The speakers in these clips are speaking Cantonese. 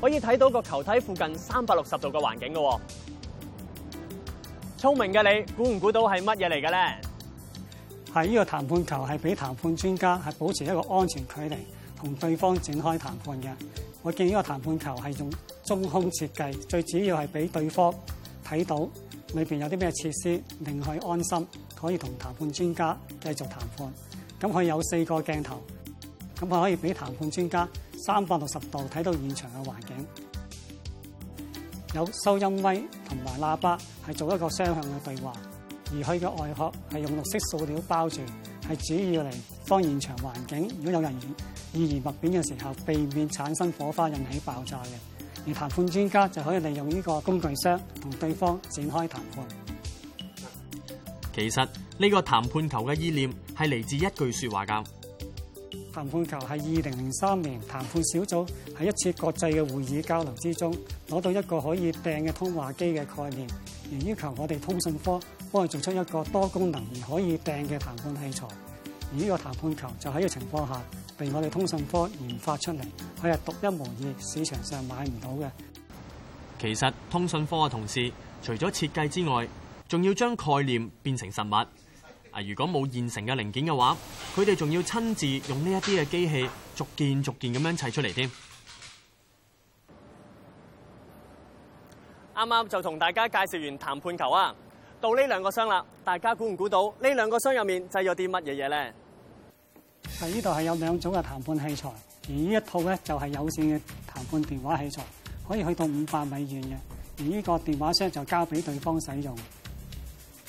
可以睇到個球體附近三百六十度嘅環境嘅，哦，聰明嘅你估唔估到係乜嘢嚟嘅咧？係呢個談判球係俾談判專家係保持一個安全距離同對方展開談判嘅。我見呢個談判球係用中空設計，最主要係俾對方睇到裏邊有啲咩設施，令佢安心，可以同談判專家繼續談判。咁佢有四個鏡頭。咁我可以俾談判專家三百六十度睇到現場嘅環境，有收音咪、同埋喇叭，係做一個雙向嘅對話。而佢嘅外殼係用綠色塑料包住，係主要嚟防現場環境如果有人員移動物品嘅時候，避免產生火花引起爆炸嘅。而談判專家就可以利用呢個工具箱同對方展開談判。其實呢個談判球嘅意念係嚟自一句説話㗎。談判球係二零零三年談判小組喺一次國際嘅會議交流之中，攞到一個可以掟嘅通話機嘅概念，而要求我哋通信科幫佢做出一個多功能而可以掟嘅談判器材。而呢個談判球就喺呢個情況下，被我哋通信科研發出嚟，佢係獨一無二，市場上買唔到嘅。其實通信科嘅同事，除咗設計之外，仲要將概念變成實物。如果冇現成嘅零件嘅話，佢哋仲要親自用呢一啲嘅機器，逐件逐件咁樣砌出嚟添。啱啱就同大家介紹完談判球啊，到呢兩個箱啦，大家估唔估到呢兩個箱入面製造啲乜嘢嘢咧？啊，呢度係有兩種嘅談判器材，而呢一套咧就係有線嘅談判電話器材，可以去到五百米遠嘅，而呢個電話箱就交俾對方使用。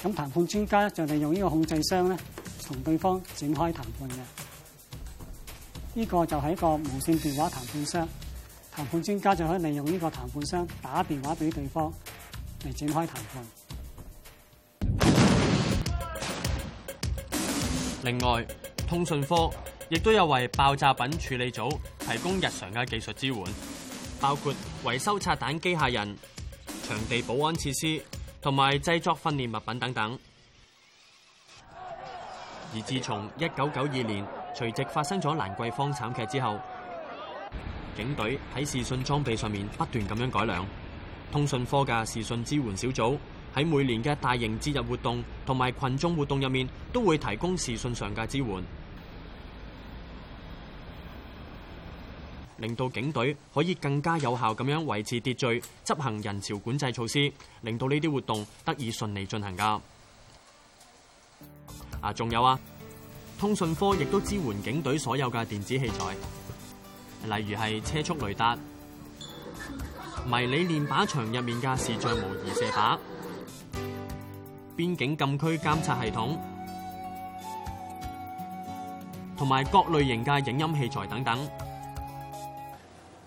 咁談判專家就利用呢個控制箱咧，同對方展開談判嘅。呢個就係一個無線電話談判箱，談判專家就可以利用呢個談判箱打電話俾對方嚟展開談判。另外，通訊科亦都有為爆炸品處理組提供日常嘅技術支援，包括維修拆彈機械人、場地保安設施。同埋製作訓練物品等等。而自從一九九二年隨即發生咗蘭桂坊慘劇之後，警隊喺視訊裝備上面不斷咁樣改良。通訊科嘅視訊支援小組喺每年嘅大型節日活動同埋群眾活動入面，都會提供視訊上嘅支援。令到警隊可以更加有效咁樣維持秩序、執行人潮管制措施，令到呢啲活動得以順利進行㗎。啊，仲有啊，通訊科亦都支援警隊所有嘅電子器材，例如係車速雷達、迷你練靶場入面嘅視像模擬射靶、邊境禁區監察系統，同埋各類型嘅影音器材等等。